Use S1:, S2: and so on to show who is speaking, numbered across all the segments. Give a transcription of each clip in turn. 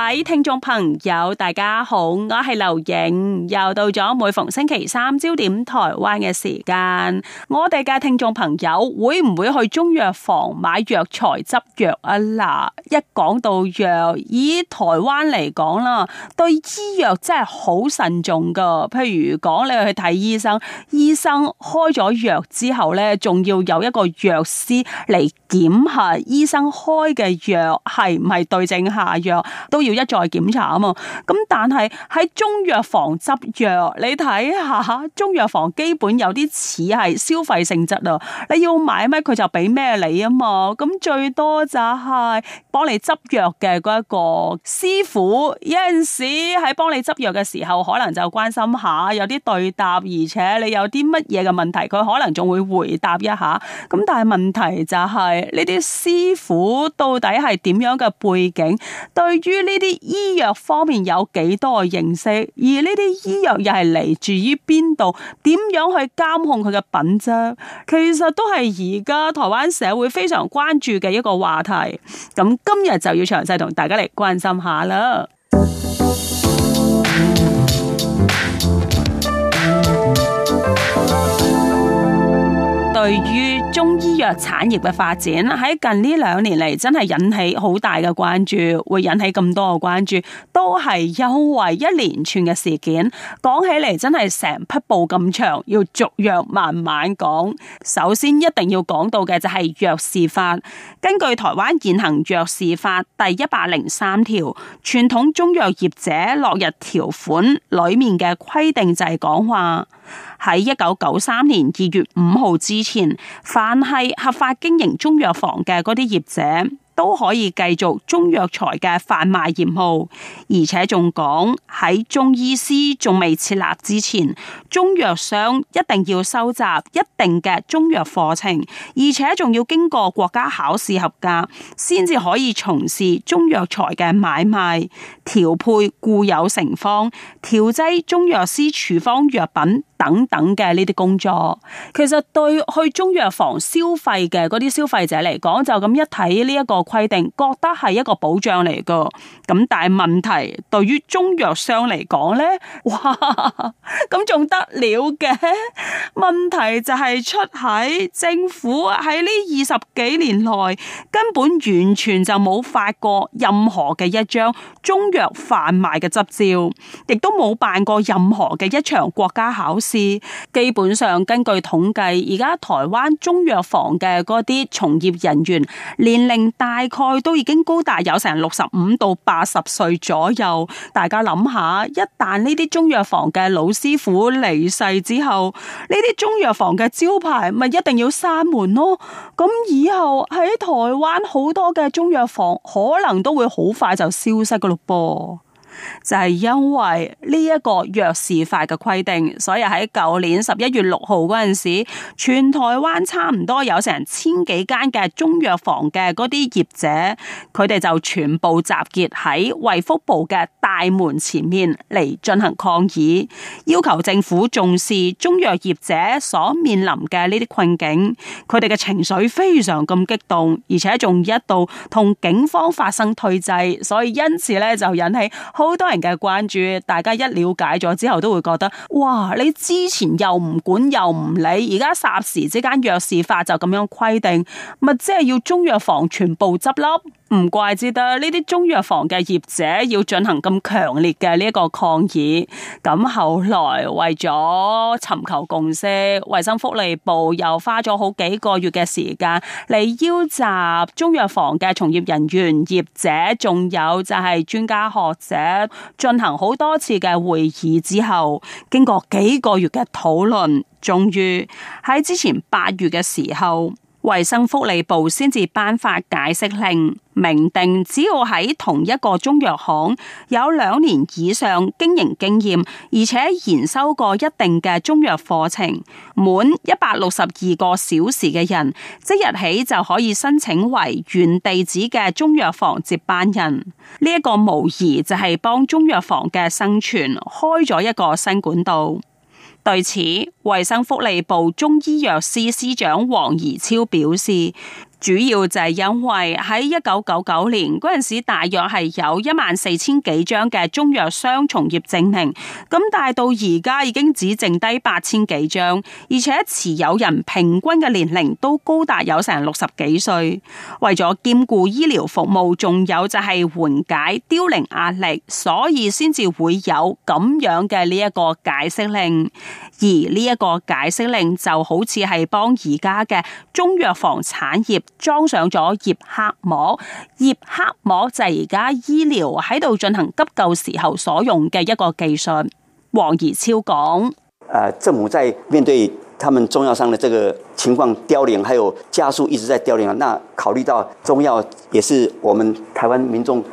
S1: 各位聽眾朋友，大家好，我係劉影，又到咗每逢星期三焦點台灣嘅時間。我哋嘅聽眾朋友會唔會去中藥房買藥材執藥啊？嗱，一講到藥，以台灣嚟講啦，對醫藥真係好慎重噶。譬如講你去睇醫生，醫生開咗藥之後咧，仲要有一個藥師嚟檢下醫生開嘅藥係唔係對症下藥，都要。要一再檢查啊嘛，咁但係喺中藥房執藥，你睇下，中藥房基本有啲似係消費性質啊。你要買乜佢就俾咩你啊嘛，咁最多就係幫你執藥嘅嗰一個師傅，有陣時喺幫你執藥嘅時候，可能就關心下有啲對答，而且你有啲乜嘢嘅問題，佢可能仲會回答一下。咁但係問題就係呢啲師傅到底係點樣嘅背景？對於呢？呢啲醫藥方面有幾多嘅認識，而呢啲醫藥又係嚟自於邊度，點樣去監控佢嘅品質，其實都係而家台灣社會非常關注嘅一個話題。咁今日就要詳細同大家嚟關心下啦。對於。 中醫藥產業嘅發展喺近呢兩年嚟，真係引起好大嘅關注，會引起咁多嘅關注，都係因為一連串嘅事件。講起嚟真係成匹布咁長，要逐樣慢慢講。首先一定要講到嘅就係藥事法。根據台灣現行藥事法第一百零三條，傳統中藥業者落日條款裏面嘅規定，就係講話。喺一九九三年二月五號之前，凡係合法經營中藥房嘅嗰啲業者，都可以繼續中藥材嘅販賣業務，而且仲講喺中醫師仲未設立之前，中藥商一定要收集一定嘅中藥課程，而且仲要經過國家考試合格，先至可以從事中藥材嘅買賣、調配固有成方、調劑中藥師處方藥品等等嘅呢啲工作。其實對去中藥房消費嘅嗰啲消費者嚟講，就咁一睇呢一個。規定覺得係一個保障嚟噶，咁但係問題對於中藥商嚟講咧，哇，咁仲得了嘅？問題就係出喺政府喺呢二十幾年內根本完全就冇發過任何嘅一張中藥販賣嘅執照，亦都冇辦過任何嘅一場國家考試。基本上根據統計，而家台灣中藥房嘅嗰啲從業人員年齡大。大概都已經高達有成六十五到八十歲左右，大家諗下，一旦呢啲中藥房嘅老師傅離世之後，呢啲中藥房嘅招牌咪一定要閂門咯。咁以後喺台灣好多嘅中藥房，可能都會好快就消失噶咯噃。就係因為呢一個藥事法嘅規定，所以喺舊年十一月六號嗰陣時，全台灣差唔多有成千幾間嘅中藥房嘅嗰啲業者，佢哋就全部集結喺衛福部嘅大門前面嚟進行抗議，要求政府重視中藥業者所面臨嘅呢啲困境。佢哋嘅情緒非常咁激動，而且仲一度同警方發生對峙，所以因此咧就引起。好多人嘅關注，大家一瞭解咗之後，都會覺得哇！你之前又唔管又唔理，而家霎時之間藥事法就咁樣規定，咪即係要中藥房全部執笠。唔怪之得呢啲中藥房嘅業者要進行咁強烈嘅呢一個抗議。咁後來為咗尋求共識，衛生福利部又花咗好幾個月嘅時間嚟邀集中藥房嘅從業人員、業者，仲有就係專家學者，進行好多次嘅會議之後，經過幾個月嘅討論，終於喺之前八月嘅時候。衛生福利部先至頒發解釋令，明定只要喺同一個中藥行有兩年以上經營經驗，而且研修過一定嘅中藥課程，滿一百六十二個小時嘅人，即日起就可以申請為原地址嘅中藥房接班人。呢、這、一個無疑就係幫中藥房嘅生存開咗一個新管道。對此，衛生福利部中醫藥司司長黃怡超表示。主要就係因為喺一九九九年嗰陣時，大約係有一萬四千幾張嘅中藥商從業證明，咁但係到而家已經只剩低八千幾張，而且持有人平均嘅年齡都高達有成六十幾歲。為咗兼顧醫療服務，仲有就係緩解凋零壓力，所以先至會有咁樣嘅呢一個解釋令。而呢一個解釋令就好似係幫而家嘅中藥房產業。裝上咗葉克膜，葉克膜就係而家醫療喺度進行急救時候所用嘅一個技術。黃怡超講：誒、啊，政府在面對他們中藥商的這個情況凋零，還有家數一直在凋零，那考慮到中藥也是我們台灣民眾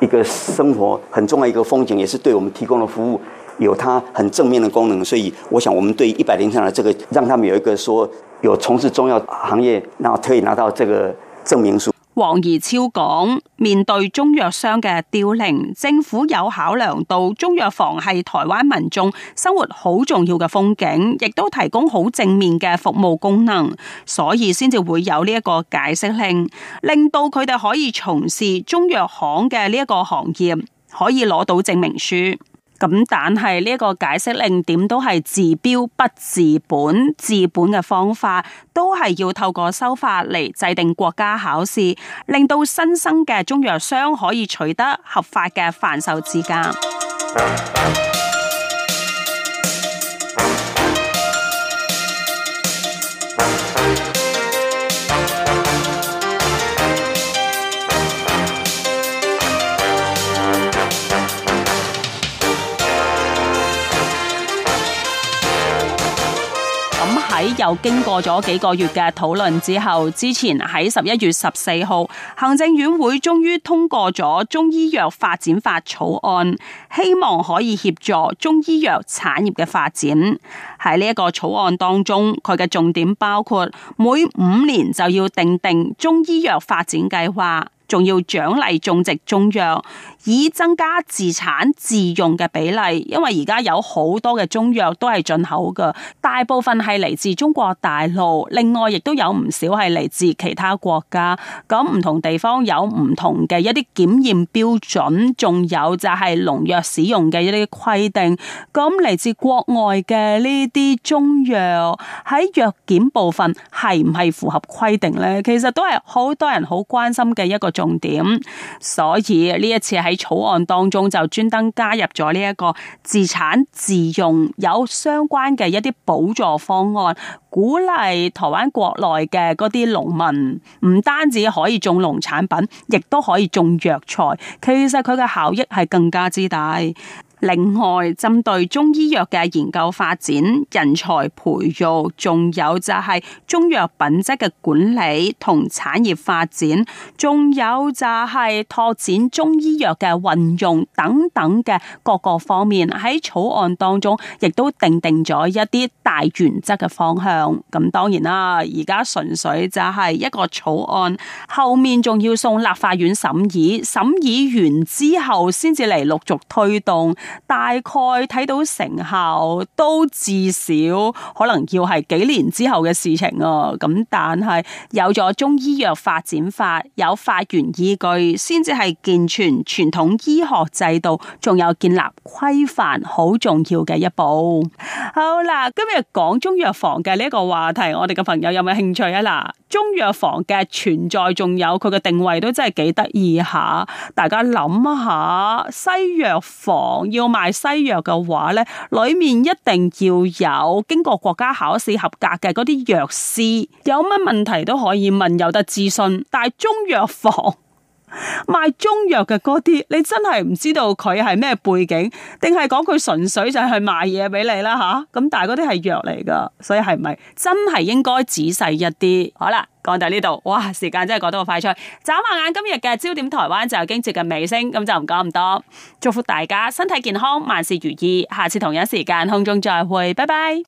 S1: 一個生活很重要一個風景，也是對我們提供的服務有它很正面的功能，所以我想我們對一百零三的這個，讓他們有一個說。有從事中藥行業，然後可以拿到這個證明書。黃怡超講：面對中藥商嘅凋零，政府有考量到中藥房係台灣民眾生活好重要嘅風景，亦都提供好正面嘅服務功能，所以先至會有呢一個解釋令，令到佢哋可以從事中藥行嘅呢一個行業，可以攞到證明書。咁但係呢、這個解釋令點都係治標不治本，治本嘅方法都係要透過修法嚟制定國家考試，令到新生嘅中藥商可以取得合法嘅販售資格。又經過咗幾個月嘅討論之後，之前喺十一月十四號，行政院會終於通過咗中醫藥發展法草案，希望可以協助中醫藥產業嘅發展。喺呢一個草案當中，佢嘅重點包括每五年就要訂定中醫藥發展計劃。仲要獎勵種植中藥，以增加自產自用嘅比例。因為而家有好多嘅中藥都係進口嘅，大部分係嚟自中國大陸，另外亦都有唔少係嚟自其他國家。咁唔同地方有唔同嘅一啲檢驗標準，仲有就係農藥使用嘅一啲規定。咁嚟自國外嘅呢啲中藥，喺藥檢部分係唔係符合規定呢？其實都係好多人好關心嘅一個重點，所以呢一次喺草案當中就專登加入咗呢一個自產自用有相關嘅一啲補助方案，鼓勵台灣國內嘅嗰啲農民唔單止可以種農產品，亦都可以種藥材。其實佢嘅效益係更加之大。另外，針對中醫藥嘅研究發展、人才培育，仲有就係中藥品質嘅管理同產業發展，仲有就係拓展中醫藥嘅運用等等嘅各個方面，喺草案當中亦都訂定咗一啲大原則嘅方向。咁當然啦，而家純粹就係一個草案，後面仲要送立法院審議，審議完之後先至嚟陸續推動。大概睇到成效都至少可能要係幾年之後嘅事情啊，咁但係有咗中醫藥發展法，有法源依據，先至係健全傳統醫學制度，仲有建立規範，好重要嘅一步。好啦，今日講中藥房嘅呢一個話題，我哋嘅朋友有冇興趣啊？嗱，中藥房嘅存在仲有佢嘅定位都真係幾得意下，大家諗下，西藥房要賣西藥嘅話呢，裏面一定要有經過國家考試合格嘅嗰啲藥師，有乜問題都可以問，有得諮詢。但係中藥房。賣中藥嘅嗰啲，你真係唔知道佢係咩背景，定係講佢純粹就係去賣嘢俾你啦吓。咁、啊、但係嗰啲係藥嚟噶，所以係咪真係應該仔細一啲？好啦，講到呢度，哇，時間真係過得好快脆。眨下眼，今日嘅焦點台灣就已經接近尾聲，咁就唔講咁多。祝福大家身體健康，萬事如意。下次同一時間空中再會，拜拜。